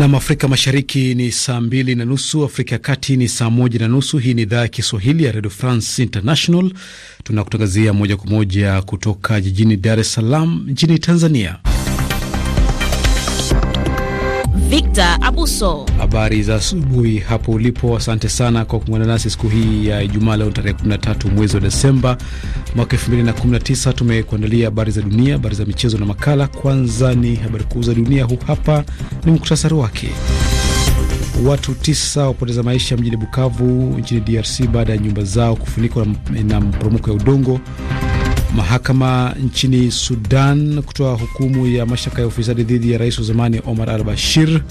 Nam Afrika Mashariki ni saa mbili na nusu, Afrika ya Kati ni saa moja na nusu. Hii ni idhaa ya Kiswahili ya Redio France International, tunakutangazia moja kwa moja kutoka jijini Dar es Salaam nchini Tanzania. Victor Abuso. Habari za asubuhi hapo ulipo, asante sana kwa kuungana nasi siku hii ya Ijumaa, leo tarehe 13 mwezi wa Desemba mwaka 2019. Tumekuandalia habari za dunia, habari za michezo na makala. Kwanza ni habari kuu za dunia, huu hapa ni muktasari wake. Watu tisa wapoteza maisha mjini Bukavu nchini DRC baada ya nyumba zao kufunikwa na mporomoko ya udongo. Mahakama nchini Sudan kutoa hukumu ya mashtaka ya ufisadi dhidi ya rais wa zamani Omar al Bashir.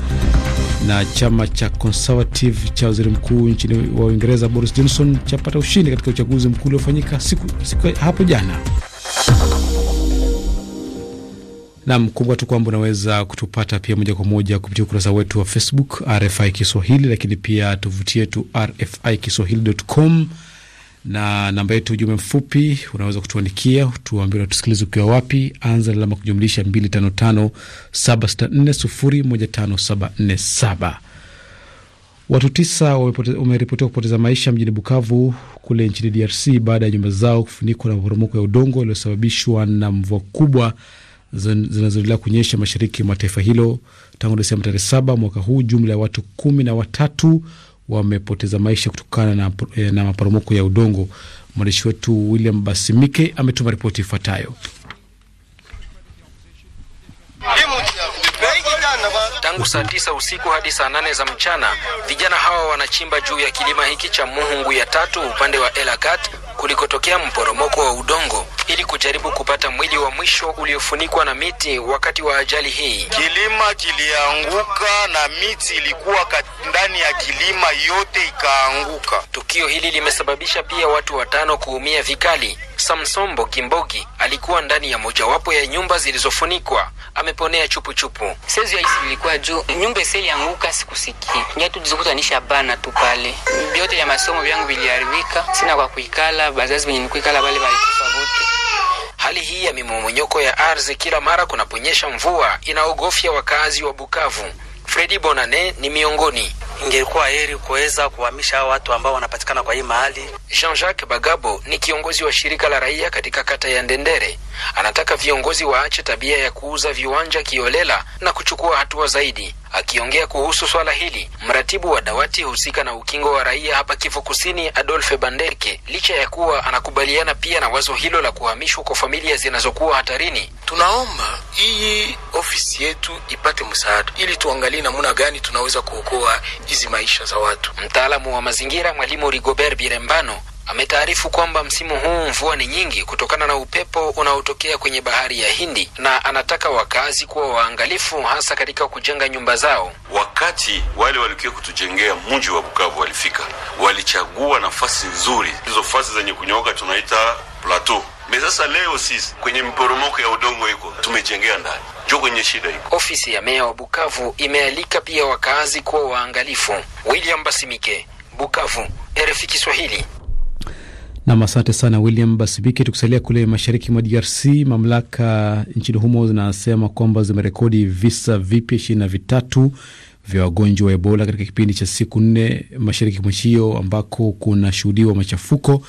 Na chama cha Conservative cha waziri mkuu nchini wa Uingereza Boris Johnson chapata ushindi katika uchaguzi mkuu uliofanyika siku, siku hapo jana. Nam kumbuka tu kwamba unaweza kutupata pia moja kwa moja kupitia ukurasa wetu wa Facebook RFI Kiswahili, lakini pia tovuti yetu RFI Kiswahili.com na namba yetu ujumbe mfupi unaweza kutuandikia, tuambie unatusikiliza ukiwa wapi. Anza alama kujumlisha 255764015747. Watu tisa wameripotiwa kupoteza maisha mjini Bukavu kule nchini DRC baada ya nyumba zao kufunikwa na maporomoko ya udongo yaliyosababishwa na mvua kubwa zinazoendelea kunyesha mashariki mwa taifa hilo tangu Desemba tarehe saba mwaka huu. Jumla ya watu kumi na watatu wamepoteza maisha kutokana na, eh, na maporomoko ya udongo. Mwandishi wetu William Basimike ametuma ripoti ifuatayo. Tangu saa tisa usiku hadi saa nane za mchana vijana hawa wanachimba juu ya kilima hiki cha Muhungu ya tatu upande wa Elakat kulikotokea mporomoko wa udongo ili kujaribu kupata mwili wa mwisho uliofunikwa na miti wakati wa ajali hii. Kilima kilianguka na miti ilikuwa ndani ya kilima yote ikaanguka. Tukio hili limesababisha pia watu watano kuumia vikali. Samsombo Kimbogi alikuwa ndani ya mojawapo ya nyumba zilizofunikwa, ameponea chupuchupu. Sezi ya isi ilikuwa juu nyumba seli anguka, sikusiki ngia tujizikutanisha bana tu pale, vyote ya masomo vyangu viliharibika, sina kwa kuikala, bazazi venye nikuikala pale walikufa vote Hali hii ya mimomonyoko ya ardhi kila mara kunaponyesha mvua inaogofya wakazi wa Bukavu. Fredi Bonane ni miongoni ingekuwa heri kuweza kuhamisha hao watu ambao wanapatikana kwa hii mahali. Jean-Jacques Bagabo ni kiongozi wa shirika la raia katika kata ya Ndendere, anataka viongozi waache tabia ya kuuza viwanja kiolela na kuchukua hatua zaidi. Akiongea kuhusu swala hili, mratibu wa dawati husika na ukingo wa raia hapa Kivu Kusini, adolfe Bandeke, licha ya kuwa anakubaliana pia na wazo hilo la kuhamishwa kwa familia zinazokuwa hatarini, tunaomba hii ofisi yetu ipate msaada ili tuangalie namna gani tunaweza kuokoa hizi maisha za watu. Mtaalamu wa mazingira Mwalimu Rigobert Birembano ametaarifu kwamba msimu huu mvua ni nyingi kutokana na upepo unaotokea kwenye bahari ya Hindi, na anataka wakazi kuwa waangalifu, hasa katika kujenga nyumba zao. Wakati wale walikuwa kutujengea mji wa Bukavu walifika, walichagua nafasi nzuri, hizo fasi zenye kunyooka tunaita plateau Me sasa leo sisi kwenye mporomoko ya udongo iko tumejengea ndani jo kwenye shida iko. Ofisi ya meya wa Bukavu imealika pia wakaazi kuwa waangalifu. William Basimike, Bukavu, RFI Kiswahili. Nam, asante sana William Basibiki. Tukisalia kule mashariki mwa DRC, mamlaka nchini humo zinasema kwamba zimerekodi visa vipya ishirini na vitatu vya wagonjwa wa Ebola katika kipindi cha siku nne mashariki mwa nchi hiyo ambako kunashuhudiwa machafuko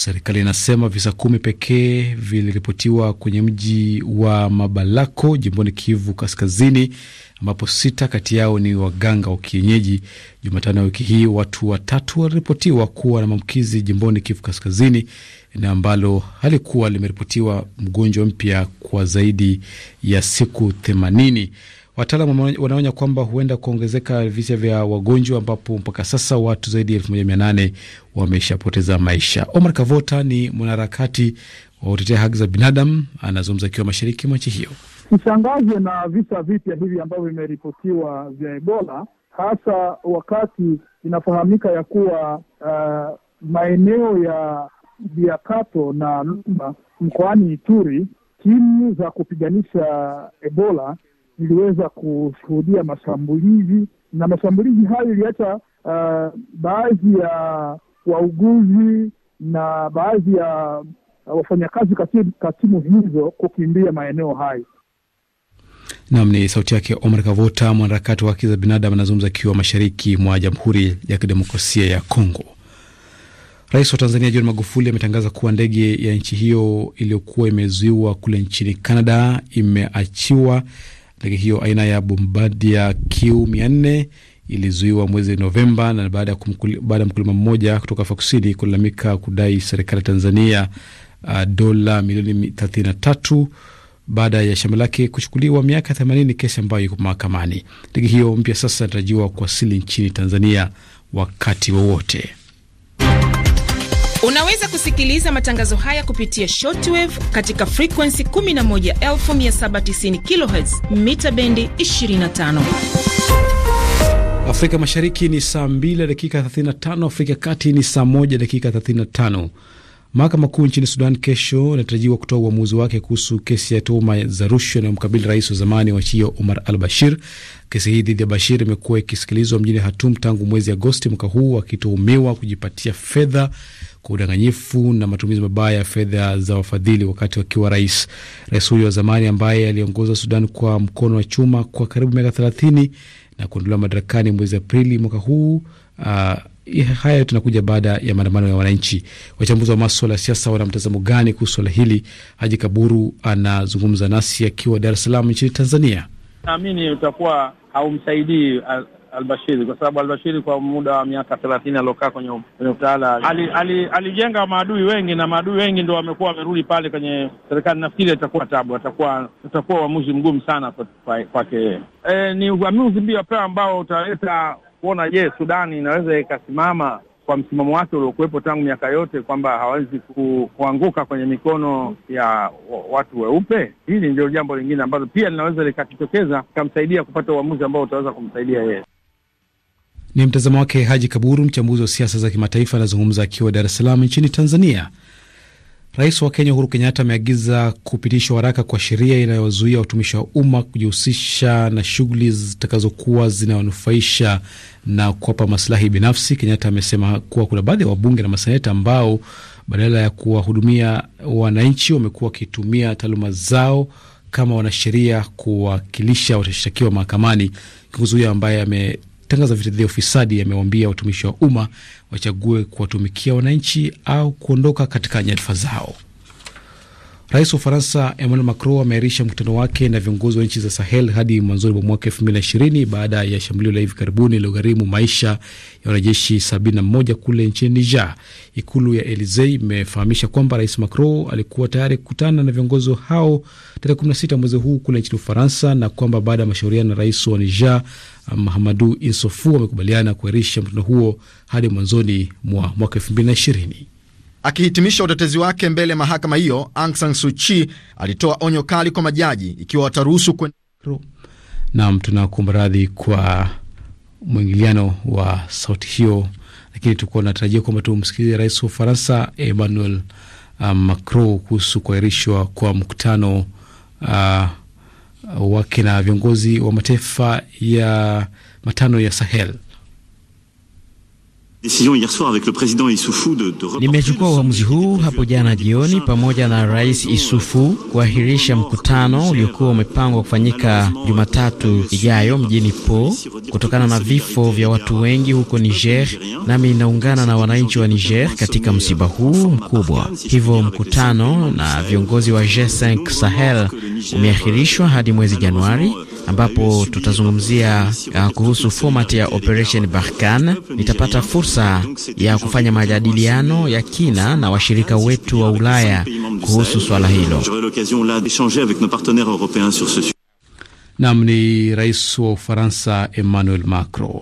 Serikali inasema visa kumi pekee viliripotiwa kwenye mji wa Mabalako jimboni Kivu Kaskazini, ambapo sita kati yao ni waganga wa kienyeji. Jumatano ya wiki hii watu watatu waliripotiwa kuwa na maambukizi jimboni Kivu Kaskazini, na ambalo halikuwa limeripotiwa mgonjwa mpya kwa zaidi ya siku themanini. Wataalam wanaonya kwamba huenda kuongezeka visa vya wagonjwa ambapo mpaka sasa watu zaidi ya elfu moja mia nane wameshapoteza maisha. Omar Kavota ni mwanaharakati wa kutetea haki za binadamu, anazungumza akiwa mashariki mwa nchi hiyo. Tushangazwe na visa vipya hivi ambavyo vimeripotiwa vya Ebola, hasa wakati inafahamika ya kuwa uh, maeneo ya Biakato na Lumba mkoani Ituri, timu za kupiganisha Ebola iliweza kushuhudia mashambulizi na mashambulizi hayo iliacha uh, baadhi ya wauguzi na baadhi ya wafanyakazi katika timu hizo kukimbia maeneo hayo. Nam ni sauti yake Omar Kavota, mwanaharakati wa haki za binadamu, anazungumza akiwa mashariki mwa Jamhuri ya Kidemokrasia ya Kongo. Rais wa Tanzania John Magufuli ametangaza kuwa ndege ya nchi hiyo iliyokuwa imezuiwa kule nchini Canada imeachiwa Ndege hiyo aina ya Bombardier Q400 ilizuiwa mwezi Novemba na baada ya mkulima mmoja kutoka Afrika Kusini kulalamika kudai serikali ya Tanzania uh, dola milioni 33 baada ya shamba lake kuchukuliwa miaka 80, kesi ambayo iko mahakamani. Ndege hiyo mpya sasa inatarajiwa kuwasili nchini Tanzania wakati wowote. Unaweza kusikiliza matangazo haya kupitia shortwave katika frequency 11790 kHz mita bendi 25. Afrika Mashariki ni saa 2 dakika 35, Afrika Kati ni saa 1 dakika 35. Mahakama Kuu nchini Sudan kesho inatarajiwa kutoa uamuzi wake kuhusu kesi ya tuhuma za rushwa inayomkabili rais wa zamani wa nchi hiyo Omar al Bashir. Kesi hii dhidi ya Bashir imekuwa ikisikilizwa mjini Hatum tangu mwezi Agosti mwaka huu, akituhumiwa kujipatia fedha kwa udanganyifu na matumizi mabaya ya fedha za wafadhili wakati wakiwa rais. Rais huyo wa zamani ambaye aliongoza Sudan kwa mkono wa chuma kwa karibu miaka thelathini na kuondolewa madarakani mwezi Aprili mwaka huu. Uh, eh, haya tunakuja baada ya maandamano ya wananchi. Wachambuzi wa maswala ya siasa wana mtazamo gani kuhusu swala hili? Haji Kaburu anazungumza nasi akiwa Dar es Salaam nchini Tanzania. Naamini utakuwa haumsaidii uh, Albashiri kwa sababu Albashiri kwa muda wa miaka thelathini aliokaa kwenye utawala ali, ali, maadui wengi na maadui wengi ndo wamekuwa wamerudi pale kwenye serikali. Nafikiri itakuwa tabu, atakuwa utakuwa uamuzi mgumu sana kwake E, ni uamuzi mbio pewa ambao utaleta kuona, je, Sudani inaweza ikasimama kwa msimamo wake uliokuwepo tangu miaka yote kwamba hawezi ku, kuanguka kwenye mikono ya watu weupe. Hili ndio jambo lingine ambalo pia linaweza likajitokeza, ikamsaidia kupata uamuzi ambao utaweza kumsaidia yeye. Ni mtazamo wake Haji Kaburu, mchambuzi wa siasa za kimataifa, anazungumza akiwa Dar es Salaam nchini Tanzania. Rais wa Kenya Uhuru Kenyatta ameagiza kupitishwa haraka kwa sheria inayozuia watumishi wa umma kujihusisha na shughuli zitakazokuwa zinawanufaisha na kuwapa masilahi binafsi. Kenyatta amesema kuwa kuna baadhi ya wabunge na maseneta ambao badala ya kuwahudumia wananchi wamekuwa wakitumia taaluma zao kama wanasheria kuwakilisha watashtakiwa mahakamani. Kiongozi huyo ambaye kutangaza vita dhidi ya ufisadi, yamewambia watumishi wa umma wachague kuwatumikia wananchi au kuondoka katika nyadhifa zao. Rais wa Ufaransa Emmanuel Macron ameahirisha mkutano wake na viongozi wa nchi za Sahel hadi mwanzoni mwa mwaka elfu mbili na ishirini baada ya shambulio la hivi karibuni lilogharimu maisha ya wanajeshi 71 kule nchini Niger. Ikulu ya Elize imefahamisha kwamba Rais Macron alikuwa tayari kukutana na viongozi hao tarehe 16 mwezi huu kule nchini Ufaransa, na kwamba baada ya mashauriano na rais wa Niger Mahamadu Insofu wamekubaliana kuahirisha mkutano huo hadi mwanzoni mwa mwaka elfu mbili na ishirini. Akihitimisha utetezi wake mbele ya mahakama hiyo, Aung San Suu Kyi alitoa onyo kali kwa majaji ikiwa wataruhusu kwen... Nam, tunakuomba radhi kwa mwingiliano wa sauti hiyo, lakini tulikuwa natarajia kwamba tumsikilize rais wa Ufaransa Emmanuel um, Macron kuhusu kuahirishwa kwa mkutano uh, wake na viongozi wa mataifa ya matano ya Sahel. Nimechukua uamuzi huu hapo jana jioni pamoja na Rais Isufu kuahirisha mkutano uliokuwa umepangwa kufanyika Jumatatu ijayo mjini Po kutokana na vifo vya watu wengi huko Niger, nami inaungana na wananchi wa Niger katika msiba huu mkubwa. Hivyo mkutano na viongozi wa G5 Sahel umeahirishwa hadi mwezi Januari ambapo tutazungumzia uh, kuhusu format ya Operation Barkan. Nitapata fursa ya kufanya majadiliano ya kina na washirika wetu wa Ulaya kuhusu swala hilo. Nam ni rais wa Ufaransa Emmanuel Macron.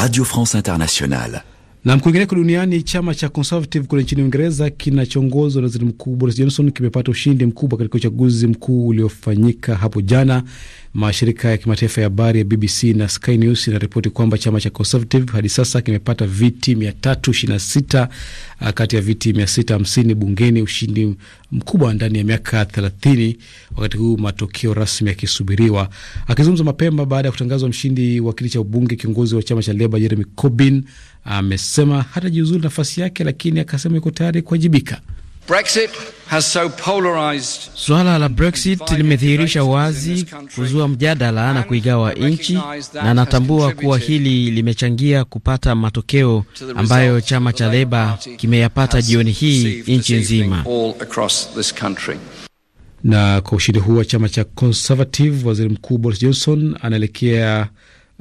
Radio France Internationale. Nam, kwingineko duniani, chama cha Conservative kule nchini Uingereza kinachoongozwa na waziri mkuu Boris Johnson kimepata ushindi mkubwa katika uchaguzi mkuu uliofanyika hapo jana. Mashirika ya kimataifa ya habari ya BBC na Sky News inaripoti kwamba chama cha Conservative hadi sasa kimepata viti 326 ah, kati ya viti 650 bungeni, ushindi mkubwa ndani ya miaka 30, wakati huu matokeo rasmi yakisubiriwa. Akizungumza mapema baada ya kutangazwa mshindi wa kiti cha ubunge, kiongozi wa chama cha Leba Jeremy Corbyn amesema hatajiuzulu nafasi yake, lakini akasema iko tayari kuwajibika. So suala la Brexit limedhihirisha wazi kuzua mjadala na kuigawa nchi, na natambua kuwa hili limechangia kupata matokeo ambayo chama cha Leba kimeyapata jioni hii nchi nzima. Na kwa ushindi huu wa chama cha Conservative, waziri mkuu Boris Johnson anaelekea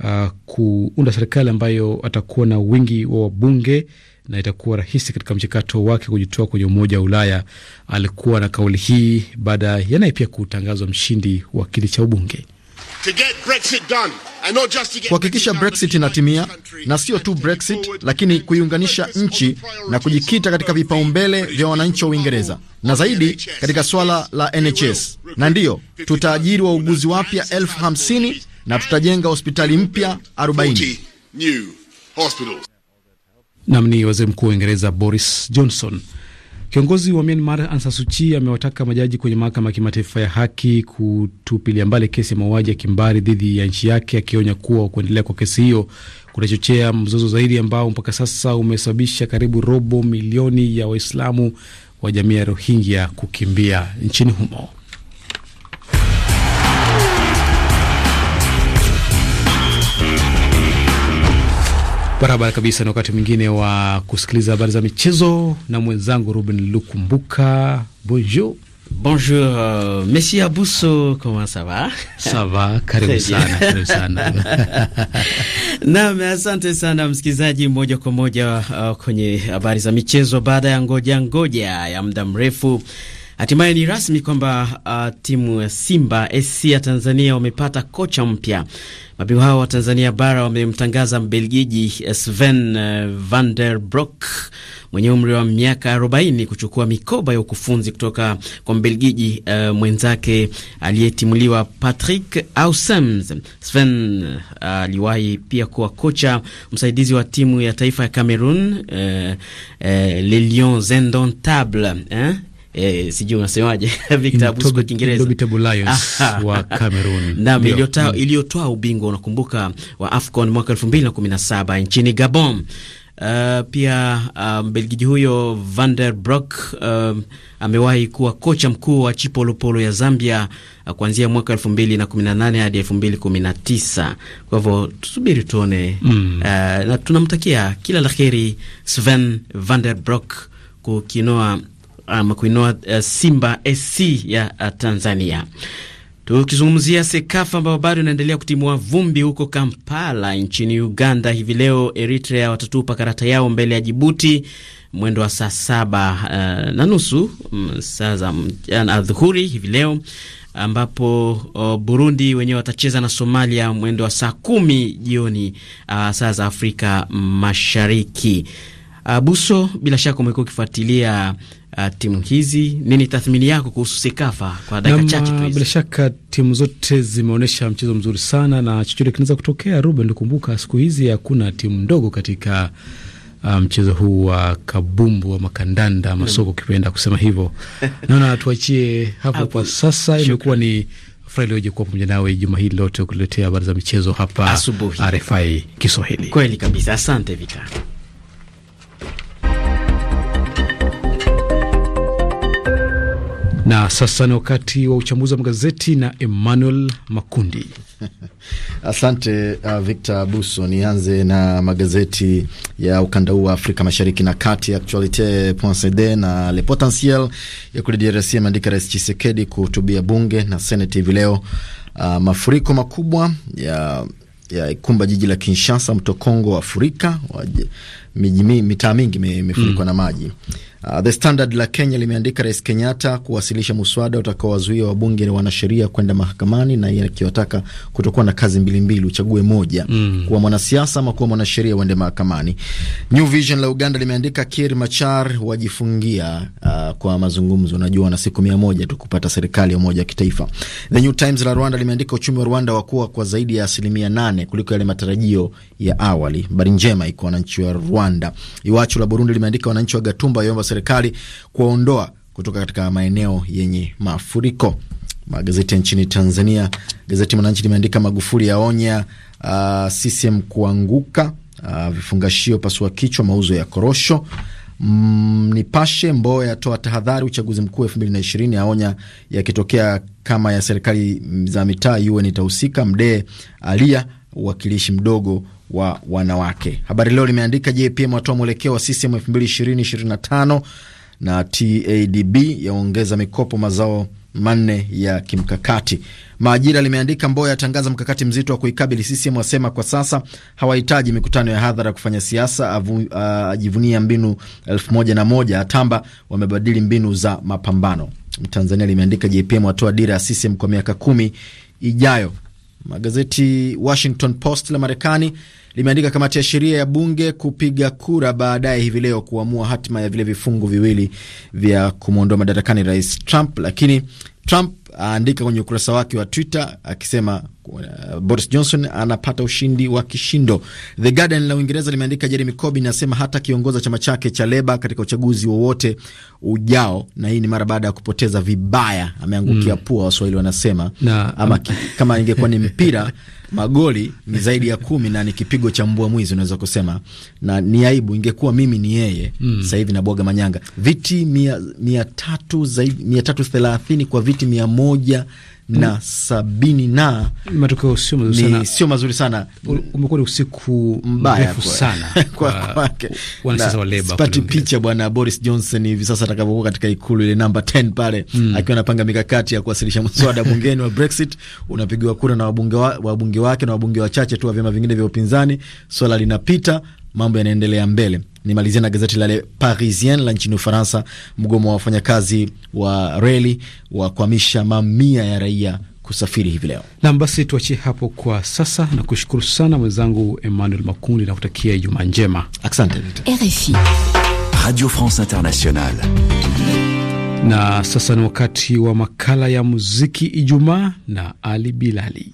uh, kuunda serikali ambayo atakuwa na wingi wa wabunge na itakuwa rahisi katika mchakato wake kujitoa kwenye Umoja wa Ulaya. Alikuwa na kauli hii baada ya naye pia kutangazwa mshindi wa kiti cha ubunge kuhakikisha Brexit inatimia na sio tu Brexit, lakini kuiunganisha nchi na kujikita katika vipaumbele vya wananchi wa Uingereza na zaidi katika swala la NHS. Na ndiyo tutaajiri wauguzi wapya elfu hamsini na tutajenga hospitali mpya 40. nam ni waziri mkuu wa Uingereza Boris Johnson. Kiongozi wa Myanmar Aung San amewataka majaji kwenye mahakama ya kimataifa ya haki kutupilia mbali kesi ya mauaji ya kimbari dhidi ya nchi yake, akionya kuwa kuendelea kwa kesi hiyo kutachochea mzozo zaidi ambao mpaka sasa umesababisha karibu robo milioni ya Waislamu wa jamii ya Rohingya kukimbia nchini humo. Barabara kabisa. Na wakati mwingine wa kusikiliza habari za michezo na mwenzangu Ruben Lukumbuka. Bonjour. Bonjour, euh, Messi Abuso, comment ça va? Ça va, karibu sana, karibu sana. Naam, asante sana msikilizaji, moja kwa moja uh, kwenye habari za michezo baada ya ngoja ngoja ya muda mrefu Hatimaye ni rasmi kwamba uh, timu ya Simba SC ya Tanzania wamepata kocha mpya. Mabingwa hao wa Tanzania bara wamemtangaza Mbelgiji uh, Sven uh, van der Broek mwenye umri wa miaka 40 kuchukua mikoba ya ukufunzi kutoka kwa Mbelgiji uh, mwenzake aliyetimuliwa Patrick Aussems. Sven uh, aliwahi uh, pia kuwa kocha msaidizi wa timu ya taifa ya Cameroon uh, uh, Les Lions Indomptables eh? eh, sijui unasemaje Victor Abuso kwa Kiingereza, wa Cameroon na mm. iliyotoa ubingwa unakumbuka wa AFCON mwaka 2017 nchini Gabon. Uh, pia Mbelgiji um, huyo Van der Brock um, amewahi kuwa kocha mkuu wa Chipolopolo ya Zambia uh, kuanzia mwaka 2018 hadi 2019. Kwa hivyo tusubiri tuone mm. Uh, na tunamtakia kila la heri Sven Van der Brock kukinoa ama um, kuinua uh, Simba SC ya uh, Tanzania. Tukizungumzia SEKAFA ambayo bado inaendelea kutimua vumbi huko Kampala nchini Uganda hivi leo, Eritrea watatupa karata yao mbele ya Jibuti mwendo wa saa saba uh, na nusu mm, saa za uh, adhuhuri hivi leo, ambapo uh, Burundi wenyewe watacheza na Somalia mwendo wa saa kumi jioni uh, saa za Afrika Mashariki. Uh, Buso, bila shaka umekuwa ukifuatilia uh, timu hizi, nini tathmini yako kuhusu Sekafa kwa dakika chache tu ah, Bila shaka timu zote zimeonyesha mchezo mzuri sana na chochote kinaweza kutokea. Ruben, nikukumbuka siku hizi hakuna timu ndogo katika uh, mchezo huu wa uh, kabumbu wa makandanda masoko, ukipenda kusema hivyo. Naona tuachie hapo kwa sasa. Imekuwa ni furaha ilioje kuwa pamoja nawe juma hili lote kuletea habari za michezo hapa asubuhi RFI Kiswahili. Kweli kabisa, asante Vita. Na sasa ni wakati wa uchambuzi wa magazeti na Emmanuel Makundi. Asante uh, Victor Buso. Nianze na magazeti ya ukanda huu wa Afrika Mashariki na Kati, Actualite.cd na Le Potentiel ya kule DRC ameandika Rais Chisekedi kuhutubia bunge na seneti hivi leo. Uh, mafuriko makubwa ya ya jiji la Kinshasa, mto Kongo wafurika, miji mitaa mingi imefurikwa mm. na maji. Uh, The Standard la Kenya limeandika Rais Kenyatta kuwasilisha muswada utakaowazuia wabunge na wanasheria kwenda mahakamani na akiwataka kutokuwa na kazi mbilimbili, uchague moja mm. kuwa mwanasiasa ama kuwa mwanasheria uende mahakamani. New Vision la Uganda limeandika Kiir Machar wajifungia uh, kwa mazungumzo, unajua na siku mia moja tu kupata serikali ya umoja wa kitaifa. The New Times la Rwanda limeandika uchumi wa Rwanda wakuwa kwa zaidi ya asilimia nane kuliko yale matarajio ya awali. Habari njema iko wananchi wa Rwanda Rwanda. Iwacho la Burundi limeandika wananchi wa Gatumba waiomba serikali kuwaondoa kutoka katika maeneo yenye mafuriko. Magazeti ya nchini Tanzania, gazeti Mwananchi limeandika Magufuli yaonya uh, CCM kuanguka, uh, vifungashio pasua kichwa, mauzo ya korosho. Mm, Nipashe, Mbowe yatoa tahadhari uchaguzi mkuu elfu mbili na ishirini, aonya yakitokea kama ya serikali za mitaa UN itahusika. Mdee alia uwakilishi mdogo wa wanawake. Habari Leo limeandika JPM watoa mwelekeo wa CCM 2020-2025 na TADB yaongeza mikopo mazao manne ya kimkakati. Maajira limeandika Mboya atangaza mkakati mzito wa kuikabili CCM, wasema kwa sasa hawahitaji mikutano ya hadhara ya kufanya siasa, ajivunia uh, mbinu elfu moja na moja atamba wamebadili mbinu za mapambano. Mtanzania limeandika JPM watoa dira ya CCM kwa miaka kumi ijayo. Magazeti Washington Post la Marekani limeandika kamati ya sheria ya bunge kupiga kura baadaye hivi leo kuamua hatima ya vile vifungu viwili vya kumwondoa madarakani rais Trump, lakini Trump aandika kwenye ukurasa wake wa Twitter akisema uh, Boris Johnson anapata ushindi wa kishindo. The Guardian la Uingereza limeandika Jeremy Corbyn anasema hata kiongoza chama chake cha Leba katika uchaguzi wowote ujao, na hii ni mara baada ya kupoteza vibaya. Ameangukia mm. pua, Waswahili wanasema na, ama um, ki, kama ingekuwa ni mpira magoli ni zaidi ya kumi na ni kipigo cha mbwa mwizi unaweza kusema, na ni aibu. Ingekuwa mimi ni yeye mm. sasa hivi nabwaga manyanga. Viti mia, mia tatu zaidi mia tatu thelathini kwa viti mia moja moja na sabini na matokeo sio mazuri sana, sio mazuri sana. Umekuwa ni usiku mbaya sana kwa kwake wanasiasa wa Leba. Sipati picha bwana Boris Johnson hivi sasa atakapokuwa katika ikulu ile namba 10 pale mm, akiwa anapanga mikakati ya kuwasilisha mswada bungeni wa Brexit unapigiwa kura na wabunge wa, wabunge wake na wabunge wachache tu wa vyama vingine vya upinzani, swala linapita, mambo yanaendelea mbele. Nimalizia na gazeti la Le Parisien la nchini Ufaransa. Mgomo wa wafanyakazi wa reli wakwamisha mamia ya raia kusafiri hivi leo. Nam, basi tuachie hapo kwa sasa na kushukuru sana mwenzangu Emmanuel Makundi na kutakia Ijumaa njema. Asante. RFI Radio France Internationale. Na sasa ni wakati wa makala ya muziki Ijumaa na Ali Bilali.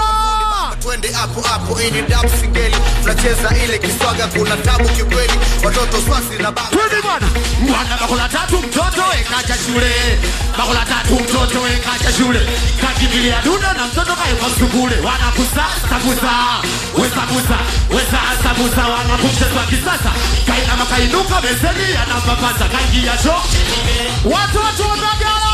twende hapo hapo, ili dabu sigeli tunacheza ile kiswaga, kuna tabu kikweli, watoto swasi na baba. Twende bwana bwana, bakula tatu mtoto ekacha shule, bakula tatu mtoto ekacha shule, kakimbilia duna na mtoto kae kaeka sukule, wanakusa sabusa wesa busa wesa sabusa, kwa kisasa, kaina makainuka beseni anapapasa, kangia sho watoto wa wanagala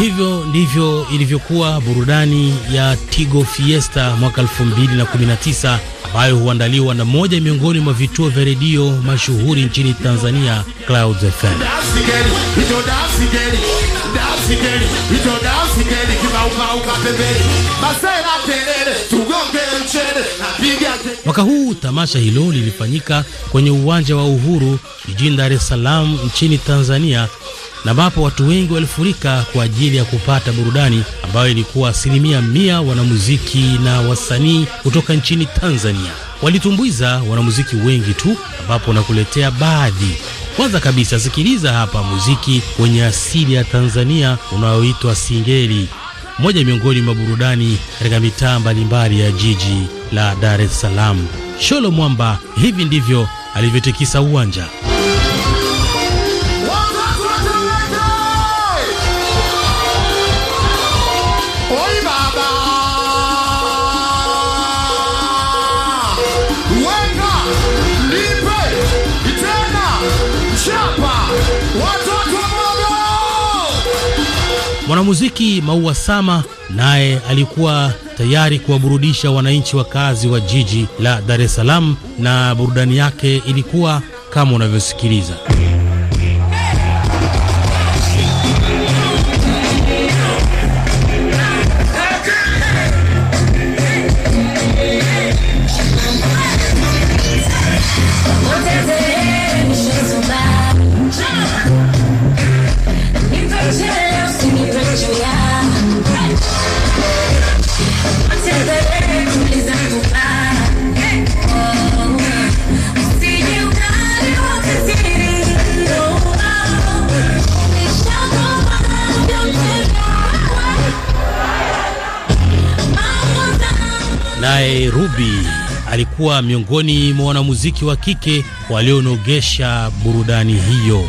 Hivyo ndivyo ilivyokuwa burudani ya Tigo Fiesta mwaka 2019 ambayo huandaliwa na moja miongoni mwa vituo vya redio mashuhuri nchini Tanzania, Clouds FM. Mwaka huu tamasha hilo lilifanyika kwenye uwanja wa Uhuru jijini Dar es Salaam nchini Tanzania na ambapo watu wengi walifurika kwa ajili ya kupata burudani ambayo ilikuwa asilimia mia wanamuziki na wasanii kutoka nchini Tanzania walitumbuiza wanamuziki wengi tu, ambapo nakuletea baadhi. Kwanza kabisa, sikiliza hapa muziki wenye asili ya Tanzania unaoitwa Singeli, moja miongoni mwa burudani katika mitaa mbalimbali ya jiji la Dar es Salaam. Sholo Mwamba, hivi ndivyo alivyotikisa uwanja. Mwanamuziki Maua Sama naye alikuwa tayari kuwaburudisha wananchi wakazi wa jiji la Dar es Salaam, na burudani yake ilikuwa kama unavyosikiliza. Naye Ruby alikuwa miongoni mwa wanamuziki wa kike walionogesha burudani hiyo.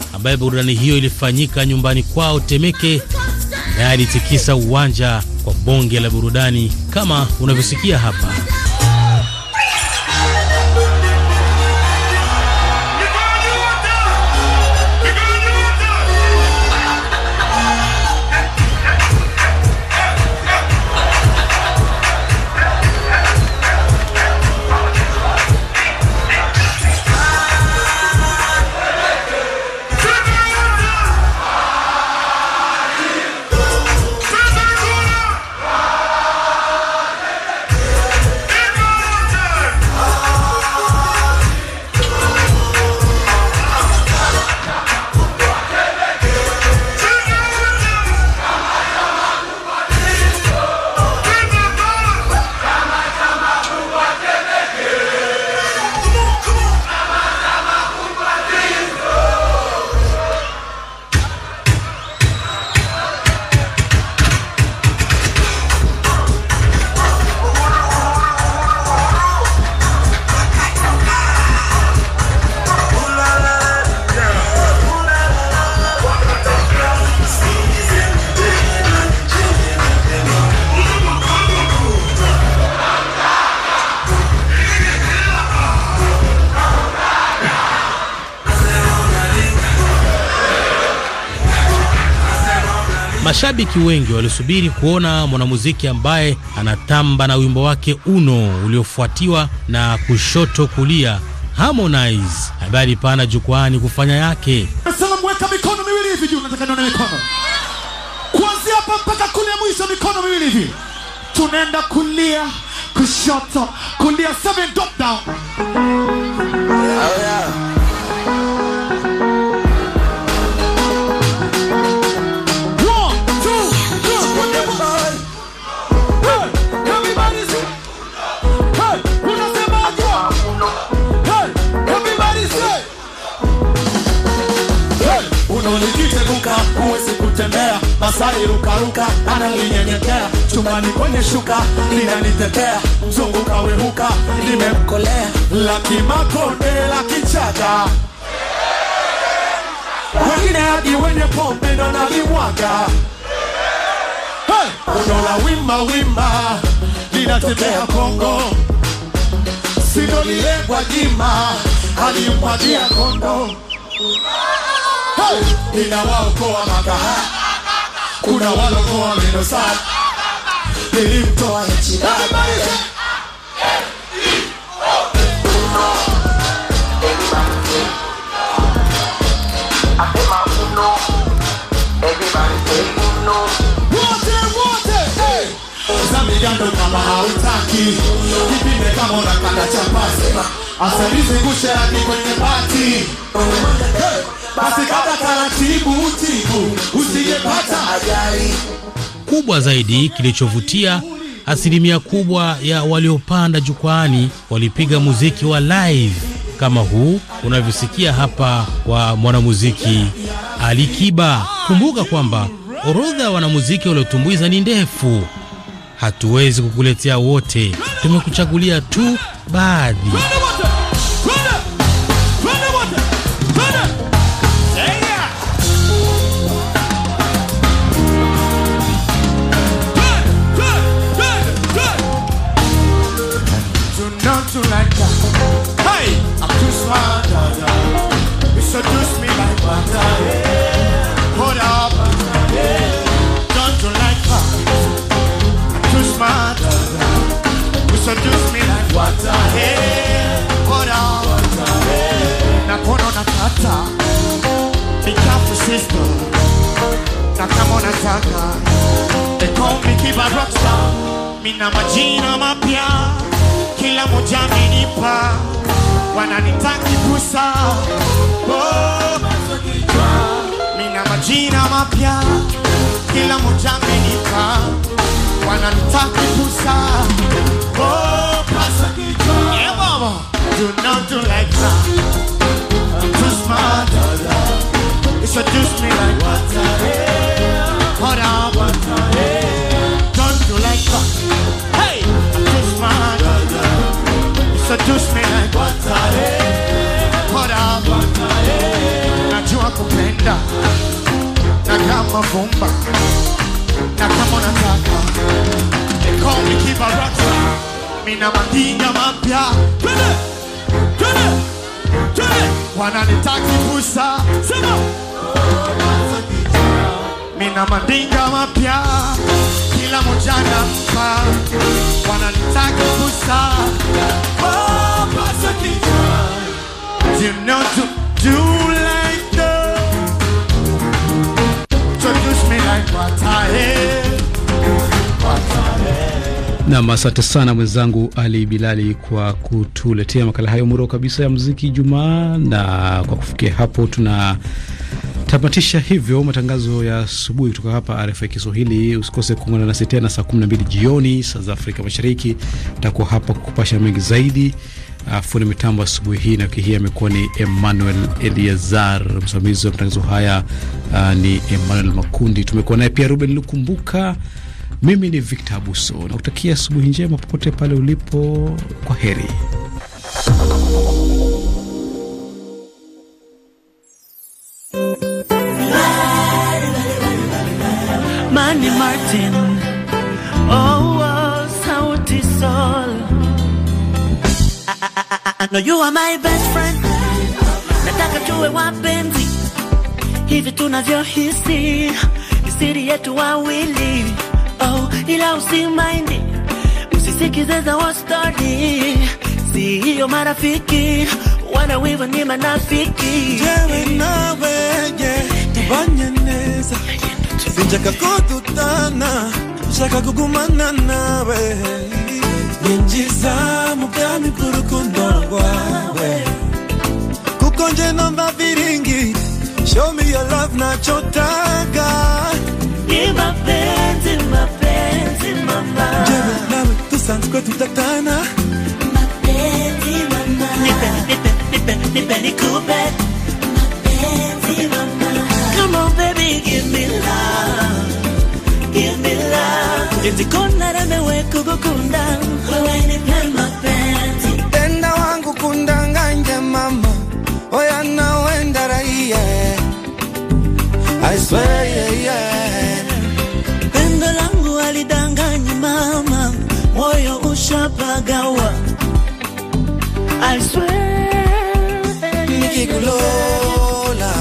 ambaye burudani hiyo ilifanyika nyumbani kwao Temeke, naye alitikisa uwanja kwa bonge la burudani kama unavyosikia hapa. Mashabiki wengi walisubiri kuona mwanamuziki ambaye anatamba na wimbo wake Uno uliofuatiwa na kushoto kulia Harmonize ambaye alipanda jukwani kufanya yake. Salamu, weka mikono miwili hivi juu, nataka nione mikono kuanzia hapa mpaka kule mwisho, mikono miwili hivi. Tunaenda kulia, kushoto, kulia, seven, drop down. Oh, yeah. kutembea, Masai rukaruka analinyenyekea, chumbani kwenye shuka linanitetea, mzungu kawehuka nimemkolea, laki makonde laki chaka wengine hadi wenye pombe ndo nalimwaga hey! Unaona wima wima linatembea Kongo, sindolile Gwajima alimwagia kondo hey! ninawaokoa makaha kuna walokoa meno sana nilimtoa nchi migando kama hautaki kipinde kama unakanda chapasi asalizi ngushe rangi kwenye bati basi kada taratibu utibu usijepata ajari kubwa zaidi kilichovutia asilimia kubwa ya waliopanda jukwani walipiga muziki wa live kama huu unavyosikia hapa wa mwanamuziki Alikiba. Kumbuka kwamba orodha ya wanamuziki waliotumbwiza ni ndefu hatuwezi kukuletea wote, tumekuchagulia tu baadhi. Nina majina mapya, kila moja amenipa, wananitaki oh. Nina majina mapya, kila moja amenipa, wananitaki kusa oh. like that. I'm too smart. Introduce me like water. touche me like Koda Najua kupenda Na kama vumba Na kama nataka They call me kibaraka Mina mandinga mapya Twende Twende Twende Wananitaki busa Sema Mina mandinga mapya kila moja nafaa wananitaka kusa Do you know to do like me like what I Nam, asante sana mwenzangu Ali Bilali kwa kutuletea makala hayo muro kabisa ya muziki Jumaa, na kwa kufikia hapo tuna Tamatisha hivyo matangazo ya asubuhi kutoka hapa RFI Kiswahili. Usikose kuungana nasi tena saa 12 jioni saa za Afrika Mashariki. Tutakuwa hapa kukupasha mengi zaidi. Ah, fundi mitambo asubuhi hii na wiki hii amekuwa ni Emmanuel Eliazar, msimamizi wa matangazo haya uh, ni Emmanuel Makundi. Tumekuwa naye pia Ruben Lukumbuka. Mimi ni Victor Abuso, nakutakia asubuhi njema popote pale ulipo. Kwa heri. No, you are my best friend. Nataka tuwe wapenzi hivi tunavyohisi, isiri yetu wawili. Oh, ila usimaindi, usisikize za wastori, si hiyo marafiki wana wivu, ni manafiki. Jewe nawe je, neza, sinjaka kudutana, shaka kugumana nawe yinjiza mu bwami bw'urukundo rwawe kuko nje numva biringiti show me your love nachotaga ni mapenzi mapenzi mama njema nawe tusanzwe tutatana mapenzi mama nipe nipe nipe nipe nikupe mapenzi mama come on baby give Penda wangu kundanganya mama, oya nawenda raia I swear, mama, moyo ushapagawa nikikulola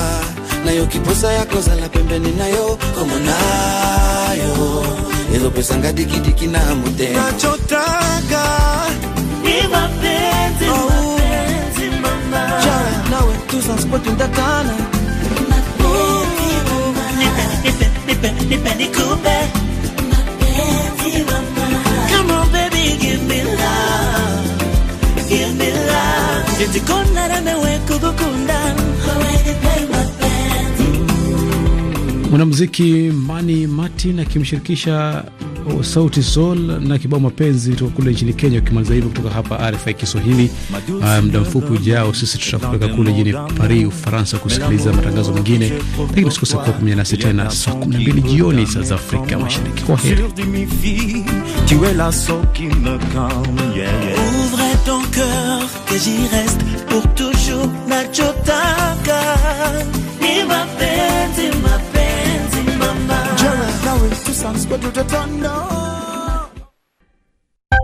nayo kiposa yako zala pembeni nayo komonayo hizo pesa ngadikidiki na mutema. Nachotaka ni mapenzi, oh, mapenzi mama. Chana nawe tusaspoti ndakana. Nipe, nipe, nipe, nipe, nikupe. Mwanamuziki Mani Martin akimshirikisha Sauti Sol na kibao mapenzi kutoka kule nchini Kenya. Ukimaliza hivyo kutoka hapa RFI Kiswahili, ah, muda mfupi ujao sisi tutakupeleka kule jini Paris, Ufaransa, kusikiliza matangazo mengine, lakini usikose kuwa pamoja nasi tena saa 12 jioni saa za Afrika Mashariki. Kwa heri. songs, but to not know.